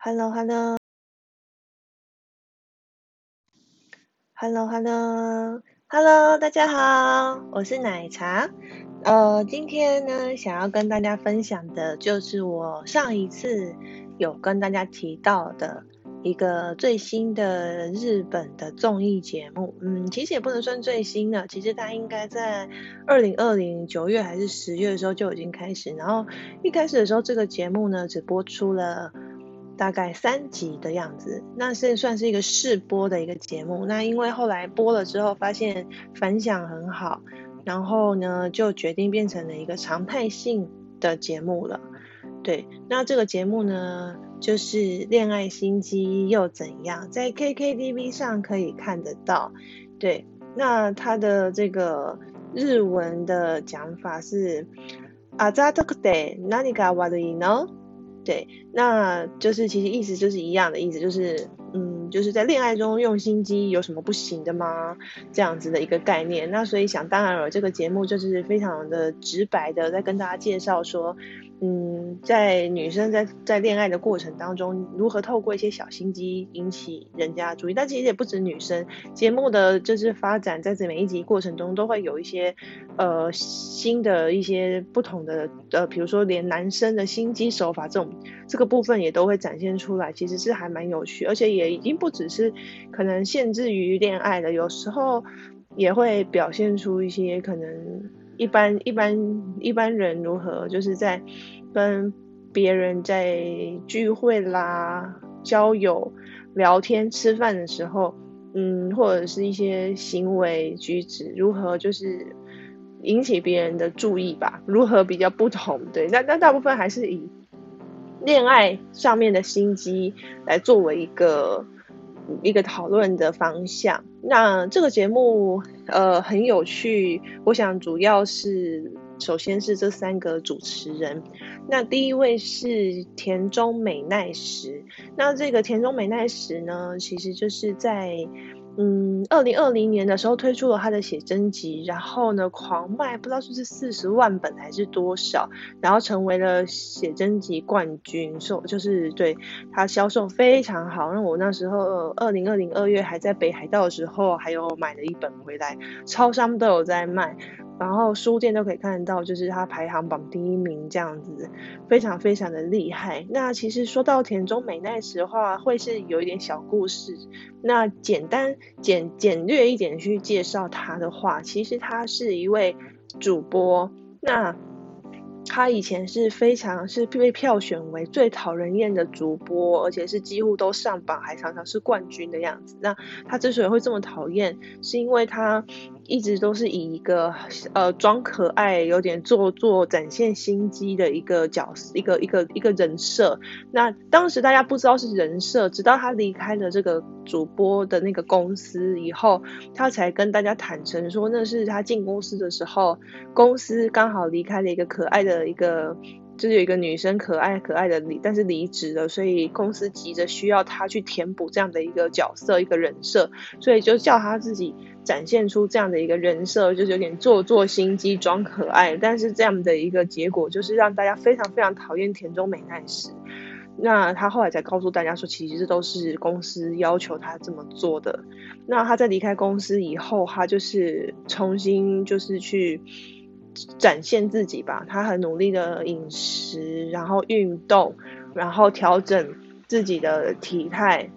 Hello Hello Hello Hello Hello 大家好，我是奶茶。呃，今天呢，想要跟大家分享的，就是我上一次有跟大家提到的一個最新的日本的綜藝節目。嗯，其實也不能算最新的，其實它應該在二零二零年九月還是十月的時候就已經開始。然後一開始的時候，這個節目呢，只播出了。大概三集的樣子，那是算是一個試播的一個節目。那因為後來播了之後，發現反響很好，然後呢就決定變成了一個常態性的節目了。對，那這個節目呢就是《戀愛心機又怎樣》，在 KKTV 上可以看得到。對，那它的這個日文的講法是 “azatokute nani ga w a t t 對，那就是其實意思就是一樣的意思，就是嗯。就是在戀愛中用心機有什麼不行的嗎？這樣子的一個概念。那所以想當然了，這個節目就是非常的直白的在跟大家介紹說，嗯，在女生在在戀愛的過程當中，如何透過一些小心機引起人家注意。但其實也不止女生，節目的就是發展在這每一集過程中都會有一些呃新的一些不同的呃，比如說連男生的心機手法這種這個部分也都會展現出來，其實是還蠻有趣，而且也已經。不只是可能限制於戀愛的，有時候也會表現出一些可能一般一般一般人如何，就是在跟別人在聚會啦、交友、聊天、吃飯的時候，嗯，或者是一些行為舉止如何，就是引起別人的注意吧？如何比較不同？對，但但大部分還是以戀愛上面的心機來作為一個。一個討論的方向。那這個節目，呃，很有趣。我想，主要是首先是這三個主持人。那第一位是田中美奈實。那這個田中美奈實呢，其實就是在。嗯，二零二零年的時候推出了他的寫真集，然後呢，狂賣，不知道是四十萬本還是多少，然後成為了寫真集冠軍，售就是對他銷售非常好。那我那時候二零二零二月還在北海道的時候，還有買了一本回來，超商都有在賣。然後書店都可以看到，就是他排行榜第一名這樣子，非常非常的厲害。那其實說到田中美奈實的話，會是有一點小故事。那簡單簡簡略一點去介紹他的話，其實他是一位主播。那他以前是非常是被票選為最討人厭的主播，而且是幾乎都上榜，還常常是冠軍的樣子。那他之所以會這麼討厭，是因為他。一直都是以一個呃裝可愛、有點做作、展現心機的一個角色、一個一個一個人設。那當時大家不知道是人設，直到他離開了這個主播的那個公司以後，他才跟大家坦誠說，那是他進公司的時候，公司剛好離開了一個可愛的一個。就是有一個女生可愛可愛的，但是離職了，所以公司急着需要她去填補這樣的一個角色、一個人設，所以就叫她自己展現出這樣的一個人設，就是有點做作、心機、裝可愛。但是這樣的一個結果，就是讓大家非常非常討厭田中美奈實。那她後來才告訴大家說，其實這都是公司要求她這麼做的。那她在離開公司以後，她就是重新就是去。展現自己吧，他很努力的飲食，然後運動，然後調整自己的體態，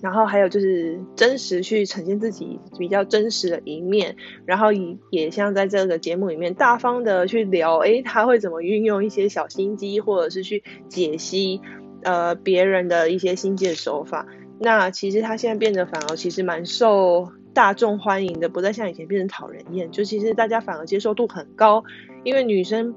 然後還有就是真實去呈現自己比較真實的一面，然後也像在這個節目裡面大方的去聊，哎，他會怎麼運用一些小心機，或者是去解析呃別人的一些心機的手法。那其實他現在變得反而其實蠻受。大眾歡迎的，不再像以前變成討人厭，就其實大家反而接受度很高，因為女生，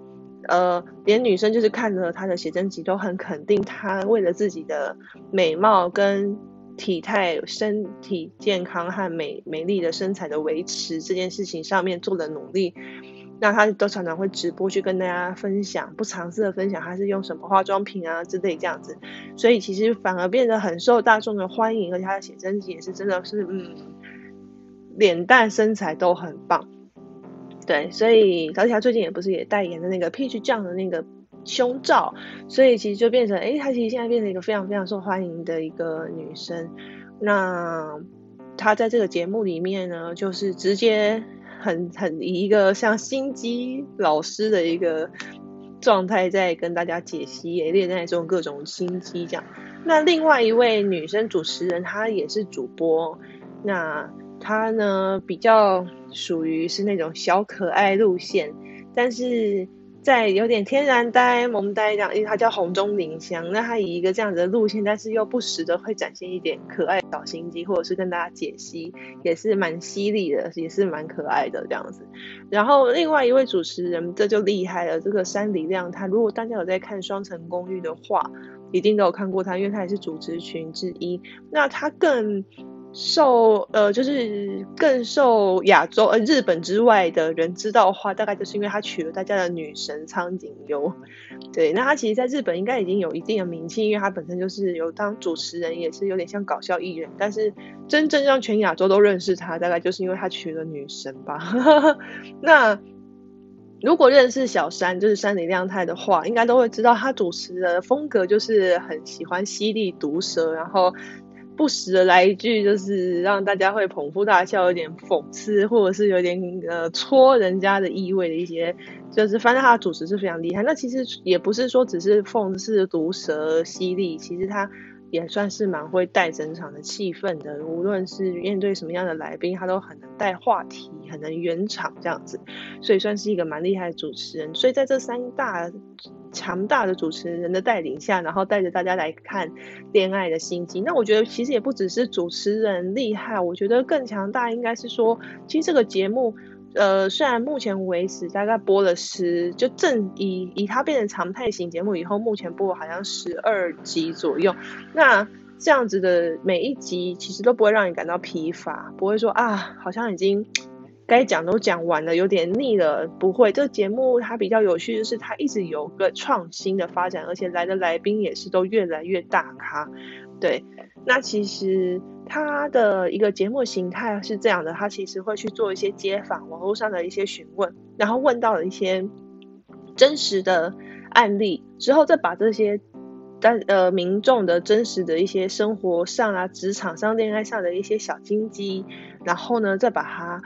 呃，連女生就是看了她的寫真集都很肯定，她為了自己的美貌跟體態、身體健康和美美麗的身材的維持這件事情上面做的努力，那她都常常會直播去跟大家分享，不嘗試的分享她是用什麼化妝品啊之類，這樣子，所以其實反而變得很受大眾的歡迎，而且她的寫真集也是真的是嗯。臉蛋身材都很棒，對，所以而且她最近也不是也代言了那個 PEACH JOHN 的那個胸罩，所以其實就變成，誒她其實現在變成一個非常非常受歡迎的一個女生。那她在這個節目裡面呢，就是直接很很以一個像心機老師的一個狀態，在跟大家解析也戀愛中各種心機這樣。那另外一位女生主持人，她也是主播，那。他呢比較屬於是那種小可愛路線，但是在有點天然呆、萌呆這樣，因為他叫弘中綾香，那他以一個這樣子的路線，但是又不時的會展現一點可愛小心機，或者是跟大家解析，也是蠻犀利的，也是蠻可愛的這樣子。然後另外一位主持人這就厲害了，這個山里亮太，如果大家有在看《雙層公寓》的話，一定都有看過他，因為他也是主持群之一。那他更。受呃，就是更受亞洲呃日本之外的人知道的話，大概就是因為他娶了大家的女神蒼井優，對，那他其實在日本應該已經有一定的名氣，因為他本身就是有當主持人，也是有點像搞笑藝人，但是真正讓全亞洲都認識他，大概就是因為他娶了女神吧。 那如果認識小山，就是山里亮太的話，應該都會知道他主持的風格就是很喜歡犀利毒舌，然後。不時的來一句，就是讓大家會捧腹大笑，有點諷刺，或者是有點呃戳人家的意味的一些，就是反正他的主持是非常厲害。那其實也不是說只是諷刺、毒舌、犀利，其實他也算是蠻會帶整場的氣氛的。無論是面對什麼樣的來賓，他都很能帶話題，很能圓場這樣子，所以算是一個蠻厲害的主持人。所以在這三大強大的主持人的帶領下，然後帶着大家來看戀愛的心機。那我覺得其實也不只是主持人厲害，我覺得更強大應該是說，其實這個節目，呃，雖然目前為止大概播了十，就正以以它變成常態型節目以後，目前播好像十二集左右。那這樣子的每一集其實都不會讓你感到疲乏，不會說啊，好像已經。該講都講完了，有點膩了。不會，這個節目它比較有趣，就是它一直有個創新的發展，而且來的來賓也是都越來越大咖。對，那其實它的一個節目形態是這樣的，它其實會去做一些街訪、網絡上的一些詢問，然後問到了一些真實的案例之後，再把這些在呃民眾的真實的一些生活上啊、職場上、戀愛上的一些小心機，然後呢再把它。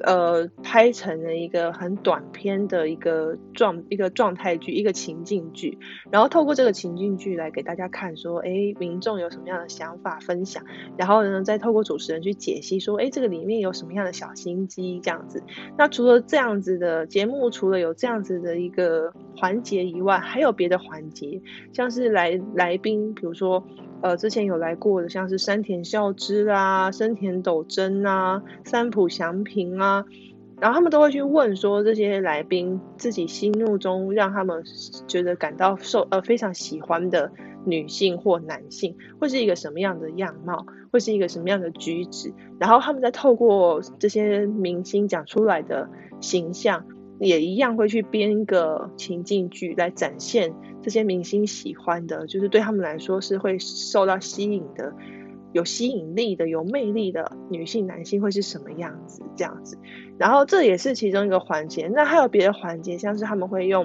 呃，拍成了一個很短片的一個狀一個狀態劇，一個情境劇，然後透過這個情境劇來給大家看，說，誒，民眾有什麼樣的想法分享，然後呢，再透過主持人去解析，說，誒，這個裡面有什麼樣的小心機這樣子。那除了這樣子的節目，除了有這樣子的一個環節以外，還有別的環節，像是來來賓，比如說。呃，之前有來過的，像是山田孝之啊、生田斗真啊、三浦翔平啊，然後他們都會去問說，這些來賓自己心目中讓他們覺得感到受呃非常喜歡的女性或男性，會是一個什麼樣的樣貌，會是一個什麼樣的舉止，然後他們再透過這些明星講出來的形象。也一樣會去編一個情境劇來展現這些明星喜歡的，就是對他們來說是會受到吸引的、有吸引力的、有魅力的女性、男性會是什麼樣子這樣子。然後這也是其中一個環節，那還有別的環節，像是他們會用，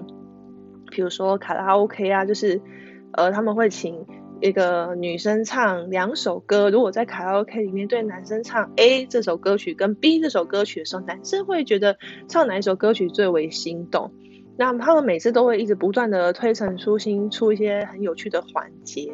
譬如說卡拉 OK 啊，就是呃他們會請。一個女生唱兩首歌，如果在卡拉 OK 裡面對男生唱 A 這首歌曲跟 B 這首歌曲的時候，男生會覺得唱哪一首歌曲最為心動？那他們每次都會一直不斷的推陳出新，出一些很有趣的環節，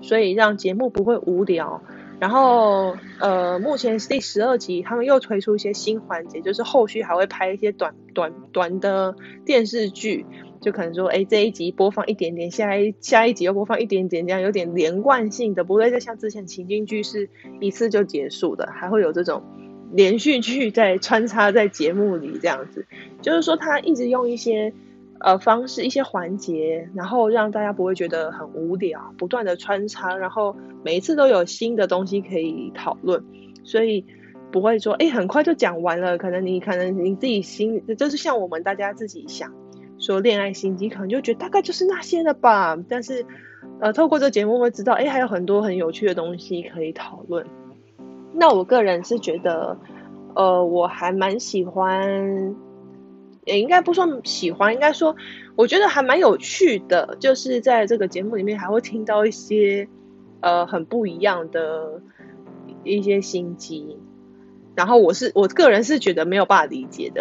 所以讓節目不會無聊。然後，呃，目前第十二集，他們又推出一些新環節，就是後續還會拍一些短短短的電視劇。就可能說，哎、欸，這一集播放一點點，下一下一集又播放一點點，這樣有點連貫性的，不會再像之前情景劇是一次就結束的，還會有這種連續劇在穿插在節目裡這樣子。就是說，他一直用一些呃方式、一些環節，然後讓大家不會覺得很無聊，不斷的穿插，然後每一次都有新的東西可以討論，所以不會說，哎、欸，很快就講完了。可能你可能你自己心裡，就是像我們大家自己想。說戀愛心機，可能就覺得大概就是那些了吧。但是，呃，透過這個節目會知道，哎，還有很多很有趣的東西可以討論。那我個人是覺得，呃，我還蠻喜歡，也應該不算喜歡，應該說我覺得還蠻有趣的。就是在這個節目裡面，還會聽到一些呃很不一樣的一些心機。然後我是我個人是覺得沒有辦法理解的，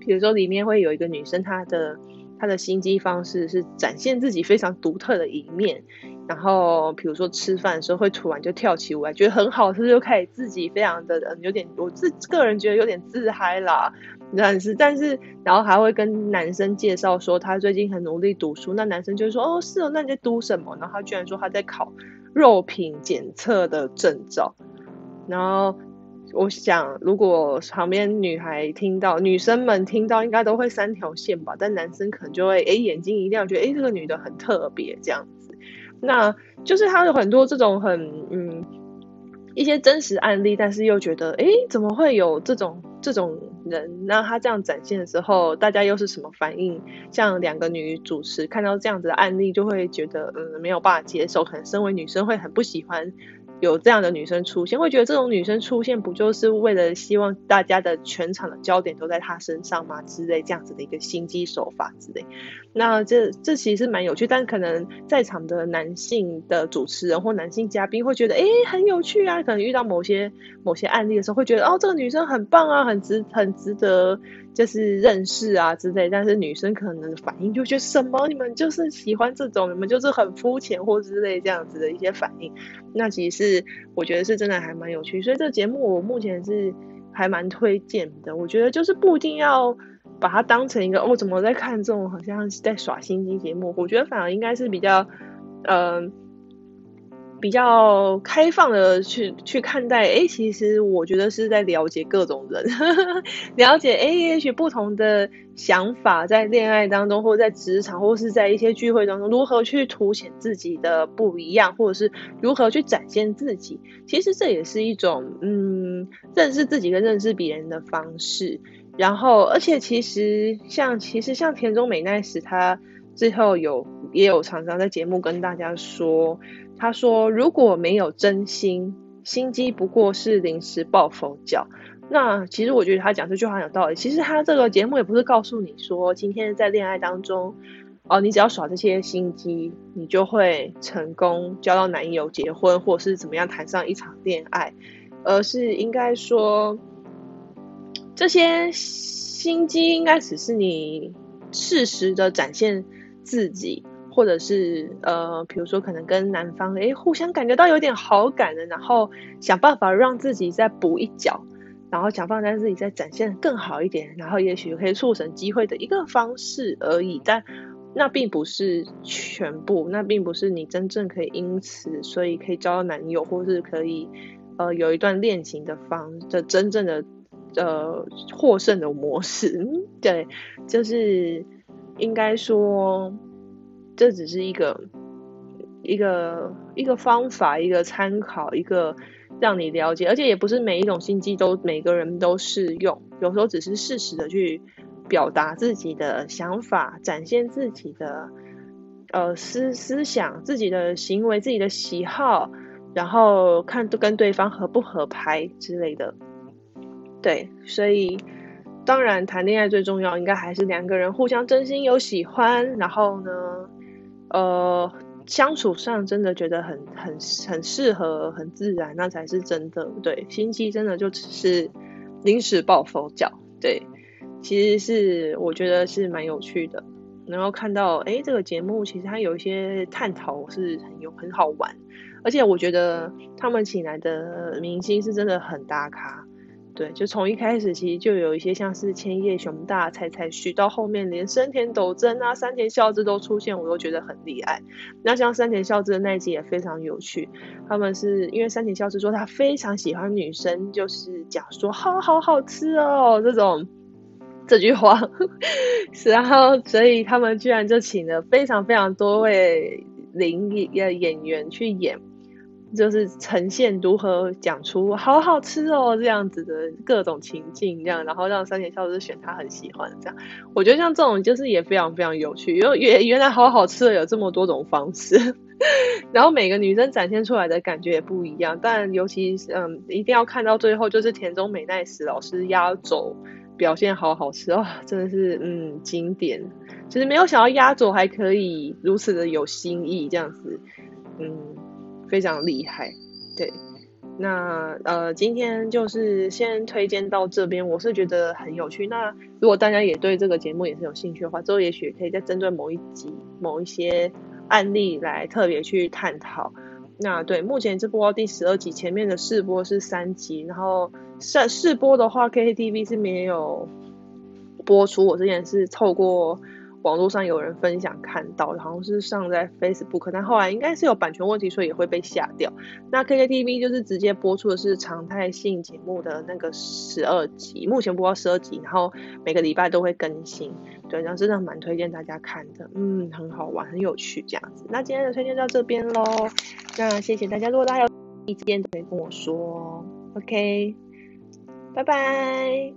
比如說裡面會有一個女生，她的她的心機方式是展現自己非常獨特的一面，然後比如說吃飯的時候會突然就跳起舞來，覺得很好吃就開始自己非常的有點，我自個人覺得有點自嗨啦，但是但是然後還會跟男生介紹說她最近很努力讀書，那男生就說哦是哦，那你在讀什麼？然後她居然說她在考肉品檢測的證照，然後。我想，如果旁邊女孩聽到，女生們聽到應該都會三條線吧，但男生可能就會哎、欸、眼睛一亮，覺得哎、欸、這個女的很特別這樣子。那就是他有很多這種很嗯，一些真實案例，但是又覺得哎、欸、怎麼會有這種這種人？那他這樣展現的時候，大家又是什麼反應？像兩個女主持看到這樣子的案例，就會覺得嗯，沒有辦法接受，可能身為女生會很不喜歡。有這樣的女生出現，會覺得這種女生出現不就是為了希望大家的全場的焦點都在她身上嗎？之類這樣子的一個心機手法之類。那這這其實是蠻有趣，但可能在場的男性的主持人或男性嘉賓會覺得，誒、欸，很有趣啊。可能遇到某些某些案例的時候，會覺得哦，這個女生很棒啊，很值，很值得。就是認識啊之類，但是女生可能反應就覺得什麼，你們就是喜歡這種，你們就是很膚淺或之類這樣子的一些反應。那其實我覺得是真的還蠻有趣，所以這節目我目前是還蠻推薦的。我覺得就是不一定要把它當成一個哦，怎麼在看這種好像在耍心機節目。我覺得反而應該是比較嗯。呃比較開放的去去看待，哎、欸，其實我覺得是在了解各種人，呵呵了解哎、欸、也許，不同的想法，在戀愛當中，或者在職場，或者是在一些聚會當中，如何去凸顯自己的不一樣，或者是如何去展現自己，其實這也是一種嗯，認識自己跟認識別人的方式。然後，而且其實像其實像田中美奈實她最後有也有常常在節目跟大家說。他說：“如果沒有真心，心機不過是臨時抱佛腳。那其實我覺得他講這句話很有道理。其實他這個節目也不是告訴你說，今天在戀愛當中，哦，你只要耍這些心機，你就會成功交到男友，結婚，或者是怎麼樣談上一場戀愛。而是應該說，這些心機應該只是你適時的展現自己。”或者是呃，比如說可能跟男方哎、欸、互相感覺到有點好感了，然後想辦法讓自己再補一腳，然後想辦法讓自己再展現更好一點，然後也許可以促成機會的一個方式而已。但那並不是全部，那並不是你真正可以因此所以可以交到男友，或是可以呃有一段戀情的方的真正的呃獲勝的模式。對，就是應該說。這只是一個一個一個方法，一個參考，一個讓你了解，而且也不是每一種心機都每個人都適用。有時候只是適時的去表達自己的想法，展現自己的呃思思想、自己的行為、自己的喜好，然後看都跟對方合不合拍之類的。對，所以當然談戀愛最重要，應該還是兩個人互相真心有喜歡，然後呢，呃，相處上真的覺得很很很適合，很自然，那才是真的。對，心機真的就只是臨時抱佛腳。對，其實是我覺得是蠻有趣的。然後看到誒，這個節目其實它有一些探討是很有很好玩，而且我覺得他們請來的明星是真的很大咖。對，就從一開始其實就有一些像是千葉雄大、菜菜緒，到後面連生田斗真啊、山田孝之都出現，我都覺得很厲害。那像山田孝之的那一集也非常有趣，他們是因為山田孝之說他非常喜歡女生，就是講說好好好吃哦這種這句話呵呵，然後所以他們居然就請了非常非常多位靈影的演員去演。就是呈現如何講出“好好吃哦”這樣子的各種情境，這樣，然後讓三田教師選他很喜歡這樣。我覺得像這種就是也非常非常有趣，因為原原來“好好吃”的有這麼多種方式， 然後每個女生展現出來的感覺也不一樣。但尤其是嗯，一定要看到最後，就是田中美奈實老師壓軸表現“好好吃”哦，真的是嗯經典。其實沒有想到壓軸還可以如此的有新意這樣子，嗯。非常厲害，對。那呃，今天就是先推薦到這邊，我是覺得很有趣。那如果大家也對這個節目也是有興趣的話，之後也許可以再針對某一集某一些案例，來特別去探討。那對，目前這播到第十二集，前面的試播是三集，然後試試播的話，K K T V 是沒有播出。我之前是透過。網絡上有人分享看到，好像是上在 Facebook，但後來應該是有版權問題，所以也會被下掉。那 KKTV 就是直接播出的是常態性節目的那個十二集，目前播到十二集，然後每個禮拜都會更新。對，然後真的蠻推薦大家看的，嗯，很好玩，很有趣這樣子。那今天的推薦就到這邊嘍，那謝謝大家，如果大家有意見可以跟我說哦。OK，拜拜。